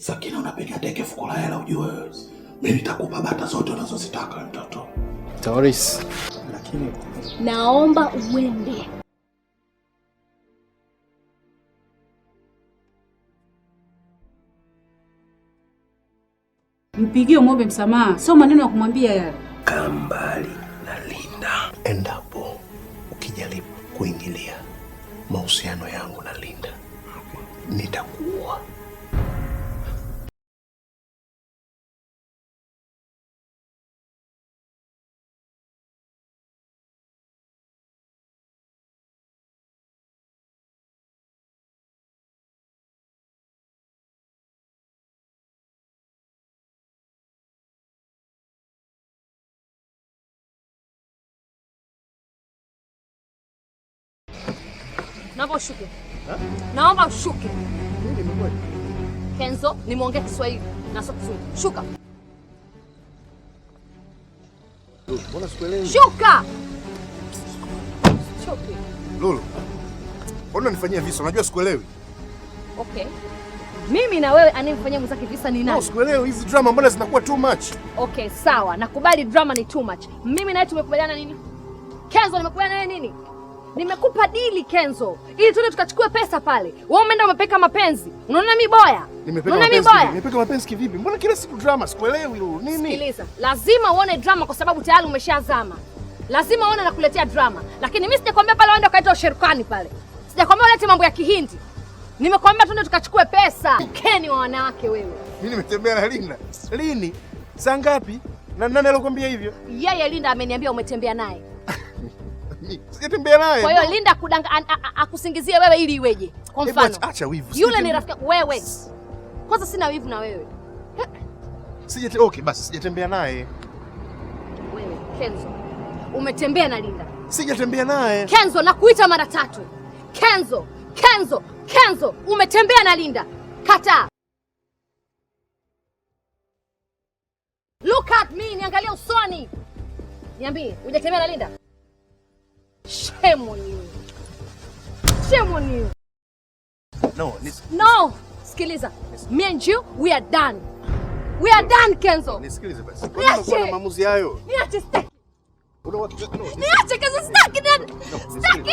Sakina, unapiga teke fuko la hela, ujue wewe. Mimi nitakupa bata zote unazozitaka mtoto. Taurus. Lakini naomba uende. Mpigie mwombe msamaha, sio maneno ya kumwambia yale. Kaa mbali na Linda endapo ukijaribu kuingilia mahusiano yangu na Linda nitakuua. Naomba ushuke. Naomba ushuke. Kenzo, nimeongea Kiswahili na sio Kizungu. Shuka. Mbona sikuelewi? Shuka. Choke. Lulu. Mbona nifanyia visa? Unajua sikuelewi. Okay. Mimi na wewe anayemfanyia mwenzake visa ni nani? No, sikuelewi hizi drama mbona zinakuwa too much? Okay, sawa. Nakubali drama ni too much. Mimi na wewe tumekubaliana nini? Kenzo, nimekubaliana na wewe nini? Nimekupa dili Kenzo, ili tuende tukachukue pesa pale. Wewe umeenda umepeka mapenzi, unaona miboya. Nimepeka miboya, nimepeka mapenzi kivipi? Mbona kila siku drama? Sikuelewi nini? Sikiliza, lazima uone drama kwa sababu tayari umeshazama. Lazima uone na kuletea drama, lakini mimi sijakwambia pale uende ukaita usherukani pale, sijakwambia ulete mambo ya Kihindi. Nimekwambia tuende tukachukue pesa. Keni wa wanawake wewe. Mimi nimetembea na Linda lini? Saa ngapi? Na nani alikwambia hivyo? Yeye Linda ameniambia umetembea naye. Sijatembea naye. Kwa hiyo Linda kudanga akusingizie wewe ili iweje? Kwa mfano. Acha wivu. Yule ni rafiki wewe. Kwanza sina wivu na wewe. Sijate okay basi sijatembea naye. Wewe Kenzo. Umetembea na Linda. Sijatembea naye. Kenzo nakuita mara tatu. Kenzo, Kenzo, Kenzo, umetembea na Linda. Kataa. Look at me, niangalia usoni. Niambie, hujatembea na Linda? Shame on you. Shame on you. No, nis no. Sikiliza. Me and you, we are done. We are done, Kenzo. Nisikilize basi. Kwa maamuzi hayo. Niache staki. Niache Kenzo, staki. Staki.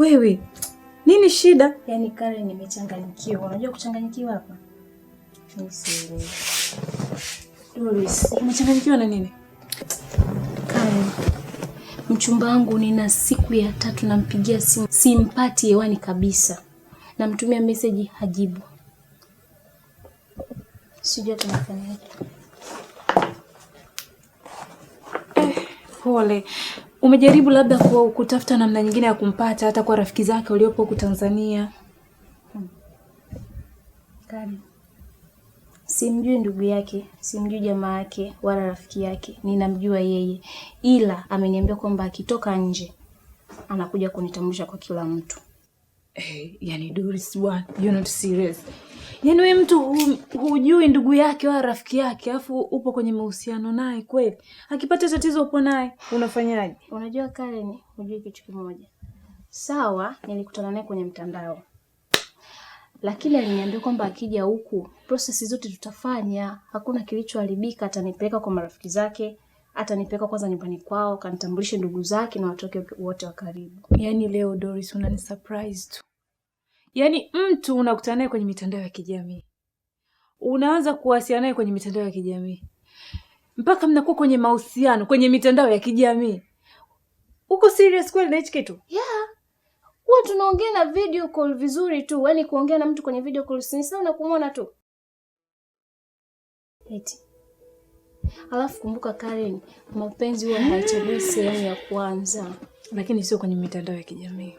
Wewe nini shida? Yaani Karen, nimechanganyikiwa. Unajua kuchanganyikiwa hapa umechanganyikiwa na nini? Karen, mchumba wangu nina siku ya tatu nampigia simu, simpati hewani kabisa, namtumia meseji hajibu, sijui atanifanyaje. Eh, pole. Umejaribu labda kwa kutafuta namna nyingine ya kumpata hata kwa rafiki zake waliopo huku Tanzania? Hmm. Simjui ndugu yake, simjui jamaa yake wala rafiki yake, ninamjua yeye, ila ameniambia kwamba akitoka nje anakuja kunitambulisha kwa kila mtu. Hey, eh, yani Doris, you're not serious. Yaani wewe mtu hu, hujui ndugu yake wala rafiki yake, alafu upo kwenye mahusiano naye kweli. Akipata tatizo upo naye, unafanyaje? Unajua Karen, hujui kitu kimoja. Sawa, nilikutana naye kwenye mtandao. Lakini aliniambia kwamba akija huku, prosesi zote tutafanya, hakuna kilichoharibika, atanipeleka kwa marafiki zake, atanipeleka kwanza nyumbani kwao, kanitambulishe ndugu zake na watoke wote wa karibu. Yaani leo Doris surprise tu. Yaani mtu unakutana naye kwenye mitandao ya kijamii, unaanza kuwasiliana naye kwenye mitandao ya kijamii, mpaka mnakuwa kwenye mahusiano kwenye mitandao ya kijamii. Uko serious kweli na hichi kitu? Yeah. Huwa tunaongea na video call vizuri tu, yaani kuongea na mtu kwenye video call si sawa na kumwona tu. Eti. Alafu kumbuka Karen, mapenzi huwa hayachagui sehemu ya kwanza, lakini sio kwenye mitandao ya kijamii.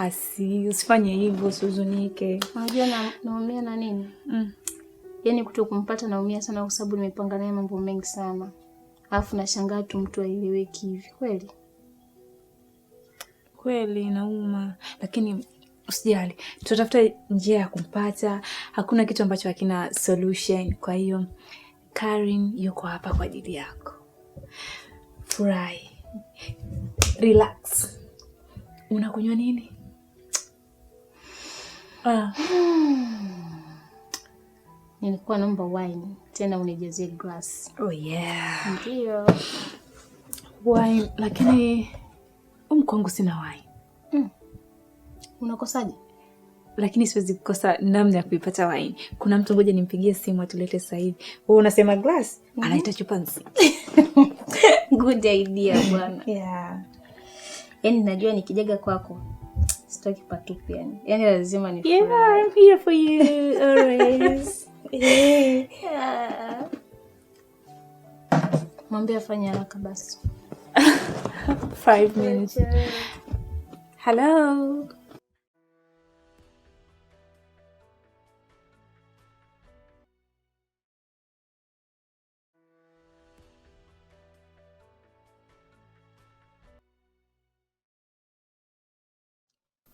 basi usifanye hivyo, usihuzunike. Unajua na, naumia na nini mm. Yaani kuto kumpata naumia sana, kwa sababu nimepanga naye mambo mengi sana, alafu nashangaa tu mtu aeleweki hivi. Kweli kweli nauma, lakini usijali, tutatafuta njia ya kumpata. Hakuna kitu ambacho hakina solution. Kwa hiyo Karin yuko hapa kwa ajili yako. Furahi, relax. Unakunywa nini? Ah. Nilikuwa naomba wine tena unijazie glass. Oh yeah. Ndio. Wine lakini umkwangu sina wine. Mm. Unakosaje? Lakini siwezi kukosa namna ya kuipata wine. Kuna mtu mmoja nimpigie simu atulete sasa hivi. Wewe unasema glass, mm -hmm. Anaita chupa nzima. Good idea bwana. Yeah. Yaani najua nikijaga kwako sitaki patupu yani. Yani lazima ni Yeah, I'm here for you always. Yeah. Mwambie afanye haraka basi. Five minutes. Hello.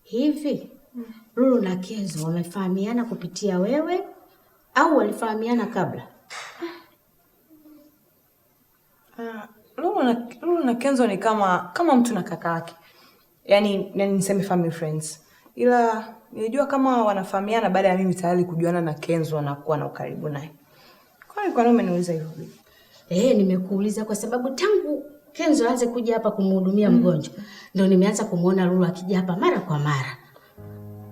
Hivi Lulu na Kenzo wamefahamiana kupitia wewe au walifahamiana kabla? Uh, Lulu na, Lulu na Kenzo ni kama kama mtu na kaka yake, yaani niseme family friends, ila nilijua kama wanafahamiana baada ya mimi tayari kujuana na Kenzo na kuwa na ukaribu naye. Kwa nini umeniuliza hivyo? Eh, nimekuuliza kwa sababu tangu Kenzo aanze kuja hapa kumhudumia mm. mgonjwa. Ndio nimeanza kumwona Lulu akija hapa mara kwa mara.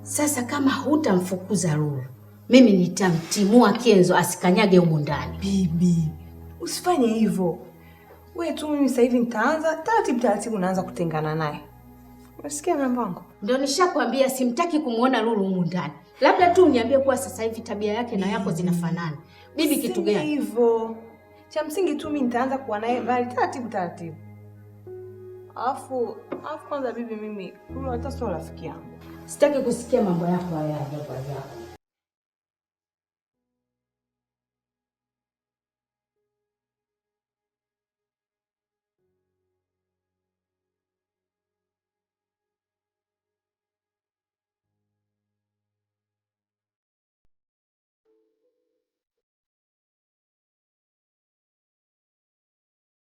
Sasa kama hutamfukuza Lulu, mimi nitamtimua Kenzo asikanyage humu ndani. Bibi, usifanye hivyo. Wewe tu mimi sasa hivi nitaanza taratibu taratibu naanza kutengana naye. Unasikia mambo yangu? Ndio nishakwambia simtaki kumuona Lulu humu ndani. Labda tu uniambie kuwa sasa hivi tabia yake na yako zinafanana. Bibi, kitu gani? Hivyo. Cha msingi tu mimi nitaanza kuwa naye bali mm. taratibu taratibu. Alafu alafu kwanza bibi, mimi hata sio rafiki yangu, sitaki kusikia mambo yako haya.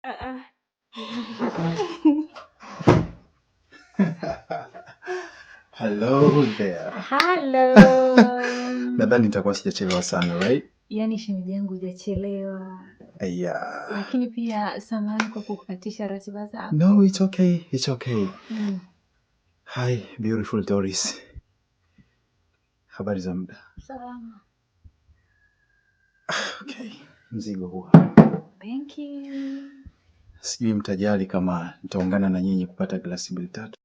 Uh-uh. Hello there. Hello. Nadhani nitakuwa sijachelewa sana, right? Yaani shemeji yangu hujachelewa. Yeah. Lakini pia samahani kwa kukatisha ratiba zako. No, it's okay. It's okay. Mm. Hi, beautiful Doris. Habari za muda? Salama. Okay. Mzigo huo. Thank you. Sijui mtajali kama nitaungana na nyinyi kupata glasi mbili tatu.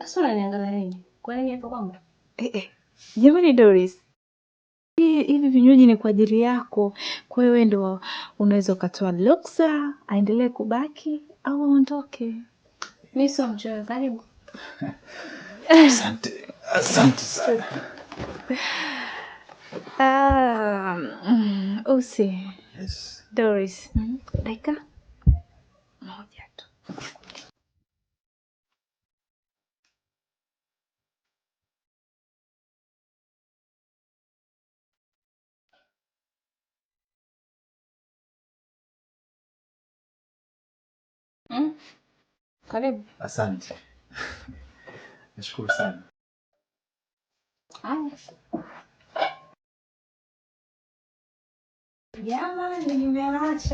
Sasa unaniangalia nini? Kwa nini hapo kwangu? Eh eh. Jamani Doris. Hivi vinywaji ni kwa ajili yako. Kwa hiyo wewe ndio unaweza ukatoa Luxa, aendelee kubaki au aondoke. Niso sio mchoyo, karibu. Asante. Asante sana. Ah, mm, usi Yes. Doris. Mm -hmm. Dakika moja tu. Mm. Karibu. Asante. Nashukuru sana. Haya. Jama, nimewacha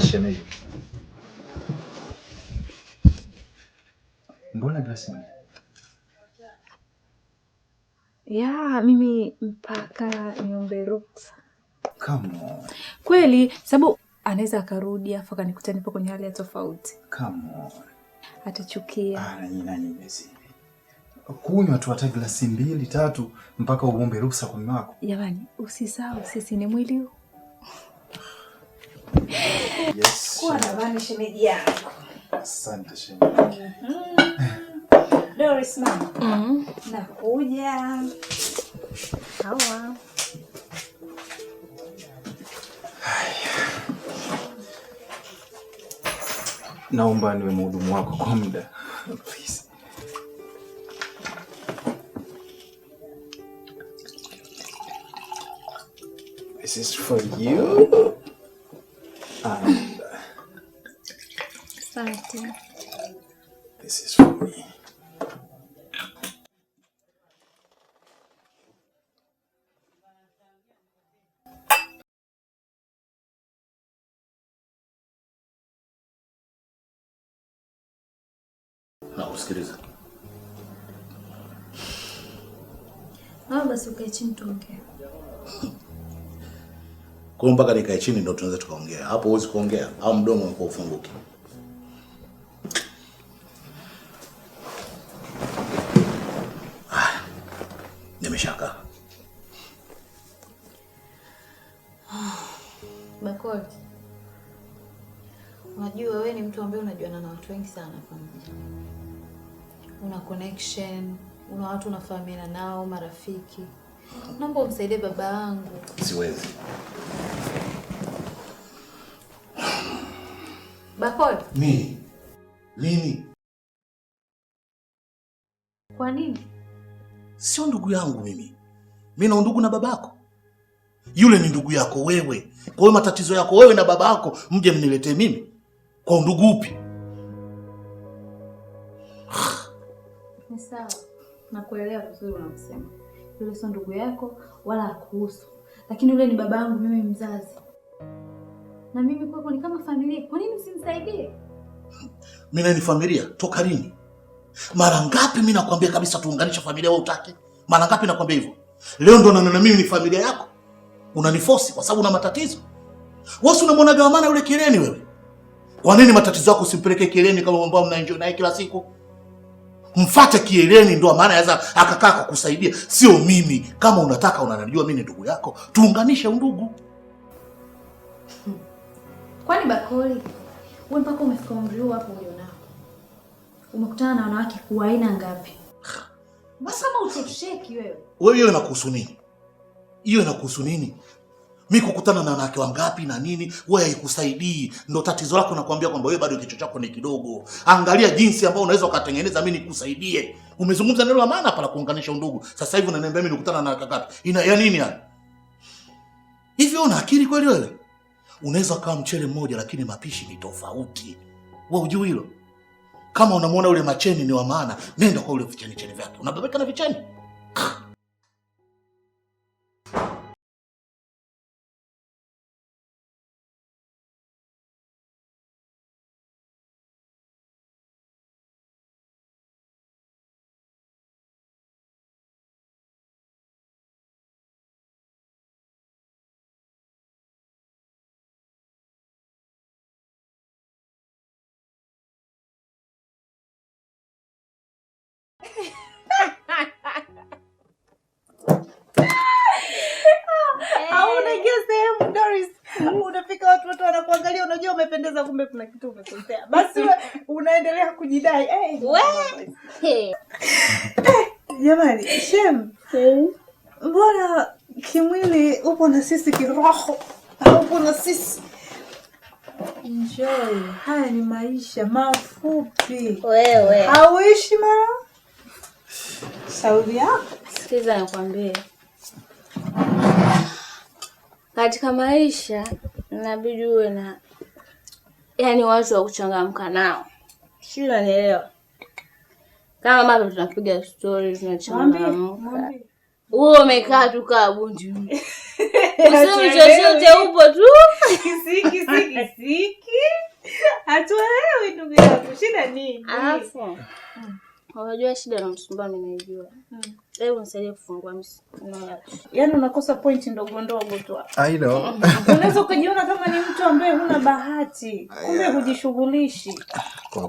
shemeji. Mbona glasi Ya, mimi mpaka niombe ruksa. Kweli sababu anaweza akarudi afu akanikuta nipo kwenye hali ya tofauti. Come on. Atachukia. Ah, nani nani mzee kunywa tu hata glasi mbili tatu mpaka uombe ruhusa kwa mume wako. Jamani, usisahau sisi ni mwili huu. Yes. Kwa nabani shemeji yako. Asante shemeji. Mm -hmm. Doris mama. Mm Mhm. Nakuja. Hawa. Naomba niwe mhudumu wako kwa muda. This is for you. And uh, Asante. this is for me. na usikilize. basi ukae chini tuongee. Kwa hiyo mpaka nikae chini ndio tunaweza tukaongea. Hapo huwezi kuongea au mdomo wako ufunguki. nimeshaka. Bakoli. Unajua wewe ni mtu ambaye unajuana na watu wengi sana kwanza. Una connection, una watu unafahamiana nao, marafiki. Naomba umsaidie baba yangu. Siwezi. Bakoli. Mimi. Lini? Kwa nini? Sio ndugu yangu mimi. Mimi na ndugu na babako. Yule ni ndugu yako wewe. Kwa hiyo matatizo yako wewe na baba yako mje mniletee mimi. Kwa undugu upi? Ni sawa. Nakuelewa vizuri unamsema yule sio ndugu yako wala hakuhusu, lakini yule ni baba yangu mimi mzazi, na mimi kwako ni kama familia. Kwa nini usimsaidie? Mimi ni familia toka lini? Mara ngapi mimi nakwambia kabisa tuunganisha familia, wewe utaki? Mara ngapi nakwambia hivyo? Leo ndo nanena mimi ni familia yako, unanifosi kwa sababu una matatizo. Wewe unamwona maana yule kileni wewe? Kwa nini matatizo yako usimpeleke kileni kama ambao mnaenjoy naye kila siku? Mfate kieleni, ndo maana aweza akakaa kukusaidia, sio mimi. Kama unataka unanijua mimi ni ndugu yako, tuunganishe undugu. Kwani bakoli wewe, mpaka umefika umri huu hapo ulionao, umekutana na wanawake kwa aina ngapi? Basi kama utosheki wewe, wewe hiyo inakuhusu nini? Hiyo inakuhusu nini? mi kukutana na wanawake wangapi na nini, wewe haikusaidii. Ndo tatizo lako, nakwambia kwamba wewe bado kichwa chako ni kidogo. Angalia jinsi ambayo unaweza ukatengeneza, mi nikusaidie. Umezungumza neno la maana hapa la kuunganisha undugu, sasa hivi unaniambia mimi nikutana na wanawake wangapi, ina ya nini? Yani hivi una akili kweli wewe? Unaweza ukawa mchele mmoja, lakini mapishi ni tofauti. Wewe ujui hilo? Kama unamwona ule macheni ni wa maana, nenda kwa ule vicheni cheni vyake, unabebeka na vicheni unaongeza, kumbe kuna kitu umekosea. Basi we unaendelea kujidai eh, eh, jamani. Hey, Shem, mbona kimwili upo na sisi, kiroho upo na sisi? Enjoy, haya ni maisha mafupi. Wewe hauishi mara saudia Sikiza nikwambie, katika maisha inabidi uwe na yani watu wa kuchangamka nao, si unanielewa? Kama bado tunapiga stori tunachangamka, wewe umekaa tu kaa bundi, useme chochote, upo tu kisiki kisiki kisiki, hatuelewi ndugu yangu, shida nini? alafu hmm. Unajua shida na msumbua ninaijua. Hmm. Hebu hmm, nisaidie kufungua msi. Yaani unakosa point ndogo ndogo tu. I know. Unaweza kujiona kama ni mtu ambaye huna bahati. Kumbe hujishughulishi.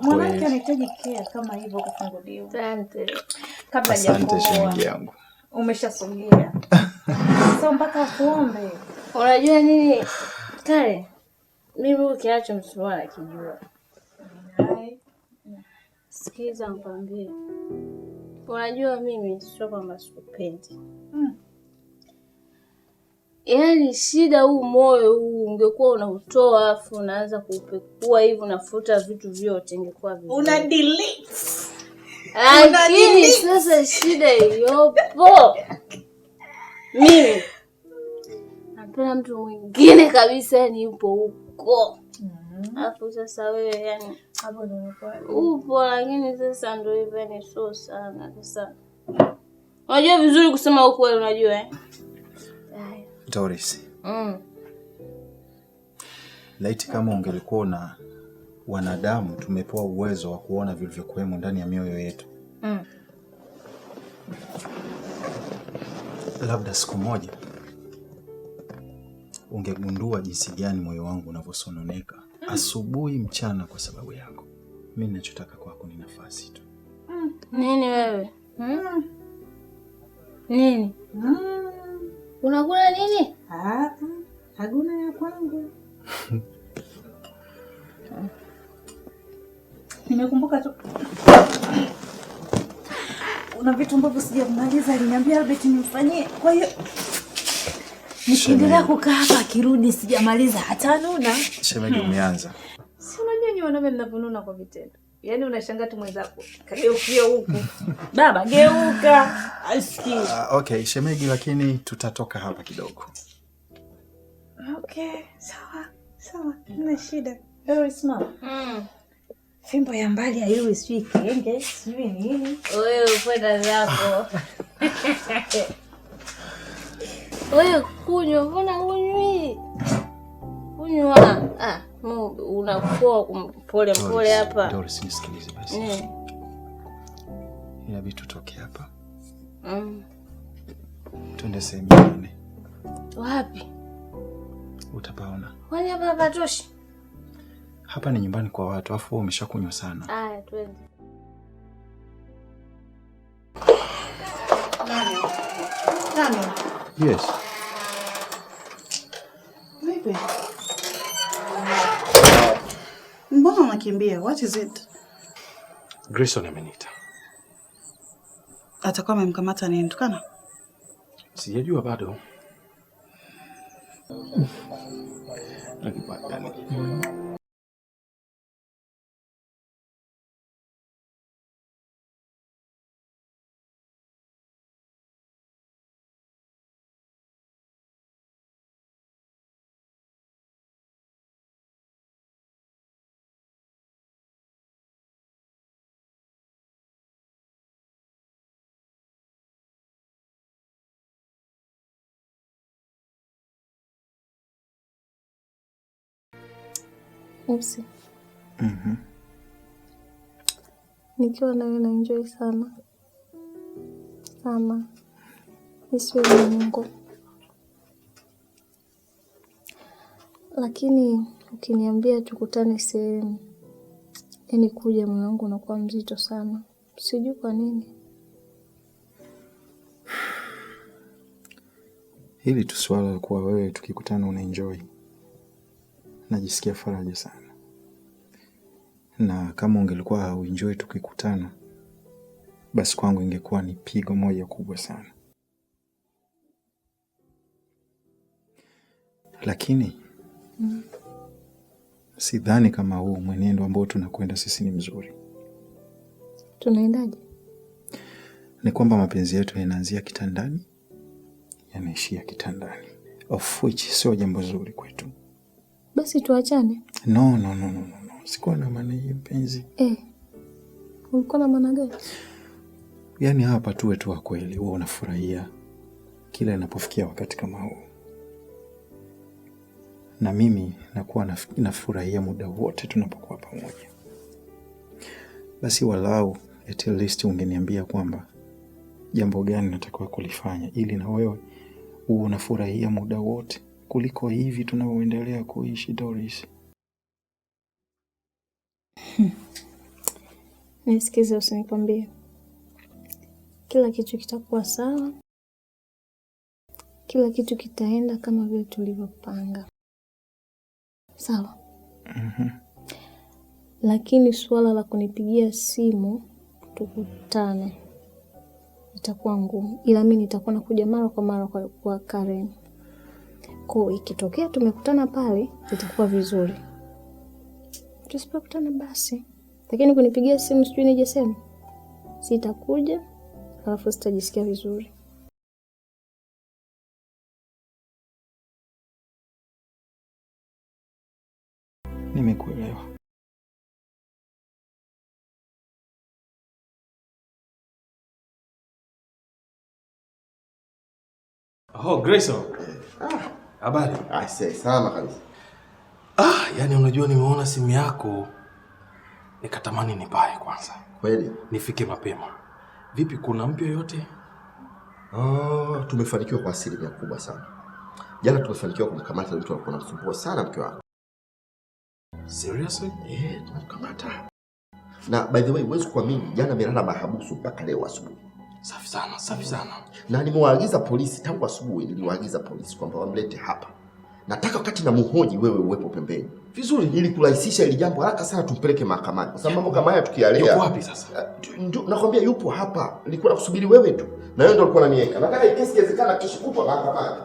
Mwanamke anahitaji care kama hivyo kufunguliwa. Asante. Kabla ya yangu. Umeshasogea. So mpaka kuombe. Unajua nini? Kale mimi ukiacha msumbua nakijua. Sikiza nikwambie, unajua mimi sio kwamba sikupendi mm. Yaani shida huu moyo huu ungekuwa unautoa afu unaanza kuupekua hivi unafuta vitu vyote, ingekuwa vizuri. Una delete. Lakini sasa shida iliyopo mimi napenda mtu mwingine kabisa, yani yupo huko mm. Alafu sasa wewe yani hapo ndio upo, lakini sasa hivyo, ni sana sasa. Unajua vizuri kusema ukweli, unajua eh? Doris. Mm. Laiti kama ungelikuwa na wanadamu tumepewa uwezo wa kuona vilivyokuwemo ndani ya mioyo yetu. Mm. Labda siku moja ungegundua jinsi gani moyo wangu unavyosononeka asubuhi, mchana kwa sababu yako. Mi nachotaka kwako ni nafasi tu. Mm, nini wewe hmm? Nini hmm? Unakula nini? Haguna ya kwangu nimekumbuka tu kuna vitu ambavyo sijamaliza, aliniambia Albert nimfanyie, kwa hiyo nikiendelea kukaa hapa akirudi sijamaliza hata nuna. Shemeji, hmm. umeanza. Si unajua nyinyi wanaume mnavyonuna kwa vitendo. Yaani unashangaa tu mwenzako kageukia huku baba geuka asikii. Uh, okay shemeji, lakini tutatoka hapa kidogo. Okay, sawa sawa, ina shida wewe, simama. Mm. Fimbo ya mbali haiwi, sijui kenge, sijui nini, wewe kwenda zako Wewe kunywa, mbona unywi? Kunywa. Ah, unakuwa pole pole hapa. Doris, nisikilize basi. Eh. Inabidi tutoke hapa. Mm. Tuende sehemu nyingine. Wapi? Utapaona. Wani hapa hapatoshi. Hapa ni nyumbani kwa watu, afu umeshakunywa sana. Aya, twende. Nani? Nani? Yes. Vipi? Mbona unakimbia? What is it? Grayson ameniita. Atakuwa amemkamata nini tukana? Sijajua bado. nafsi mm -hmm. nikiwa nawe na enjoy sana sana, isiwe Mungu, lakini ukiniambia tukutane sehemu, yani kuja, moyo wangu unakuwa mzito sana, sijui kwa nini. Hili tu swala kuwa wewe tukikutana unaenjoy, najisikia faraja sana na kama ungelikuwa hauenjoy tukikutana, basi kwangu ingekuwa ni pigo moja kubwa sana. Lakini mm, sidhani kama huu mwenendo ambao tunakwenda sisi ni mzuri. Tunaendaje? Ni kwamba mapenzi yetu yanaanzia kitandani yanaishia kitandani, of which sio jambo zuri kwetu. Basi tuachane? No, no, no, no sikuwa na maana hiyo mpenzi. Eh, ulikuwa na maana gani? Yaani hapa tuwe tu kweli, wewe unafurahia kila inapofikia wakati kama huu, na mimi nakuwa nafurahia muda wote tunapokuwa pamoja. Basi walau at least ungeniambia kwamba jambo gani natakiwa kulifanya ili na wewe uwe unafurahia muda wote kuliko hivi tunavyoendelea kuishi Doris. Hmm. Nisikize, usinikwambie kila kitu kitakuwa sawa, kila kitu kitaenda kama vile tulivyopanga, sawa? mm-hmm. Lakini suala la kunipigia simu tukutane itakuwa ngumu, ila mi nitakuwa nakuja mara kwa mara kwa, kwa Karen. Kwa ikitokea tumekutana pale itakuwa vizuri tusipokutana basi, lakini kunipigia simu sijui nije sema sitakuja, alafu sitajisikia vizuri. Nimekuelewa. Oh, Grayson. Ah, habari? Ah, sawa kabisa. Ah, yani unajua nimeona simu yako nikatamani nipae kwanza. Kweli? Nifike mapema. Vipi kuna mpya yote? Ah, tumefanikiwa kwa asilimia kubwa sana. Jana tumefanikiwa kumkamata mtu alikuwa anasumbua sana mke wako. Seriously? Eh, tumemkamata. Na by the way, huwezi kuamini, jana amelala mahabusu mpaka leo asubuhi. Safi sana, safi sana. Na nimewaagiza polisi tangu asubuhi, niliwaagiza polisi kwamba wamlete hapa nataka wakati na muhoji wewe uwepo pembeni vizuri, ili kurahisisha ili jambo haraka sana tumpeleke mahakamani, kwa sababu mambo kama haya tukialea. Yuko wapi sasa? Eh, ndio nakwambia, yupo hapa. Nilikuwa nakusubiri wewe tu, na wewe ndio ulikuwa unaniweka. Nataka kesi iwezekana kesho mahakamani.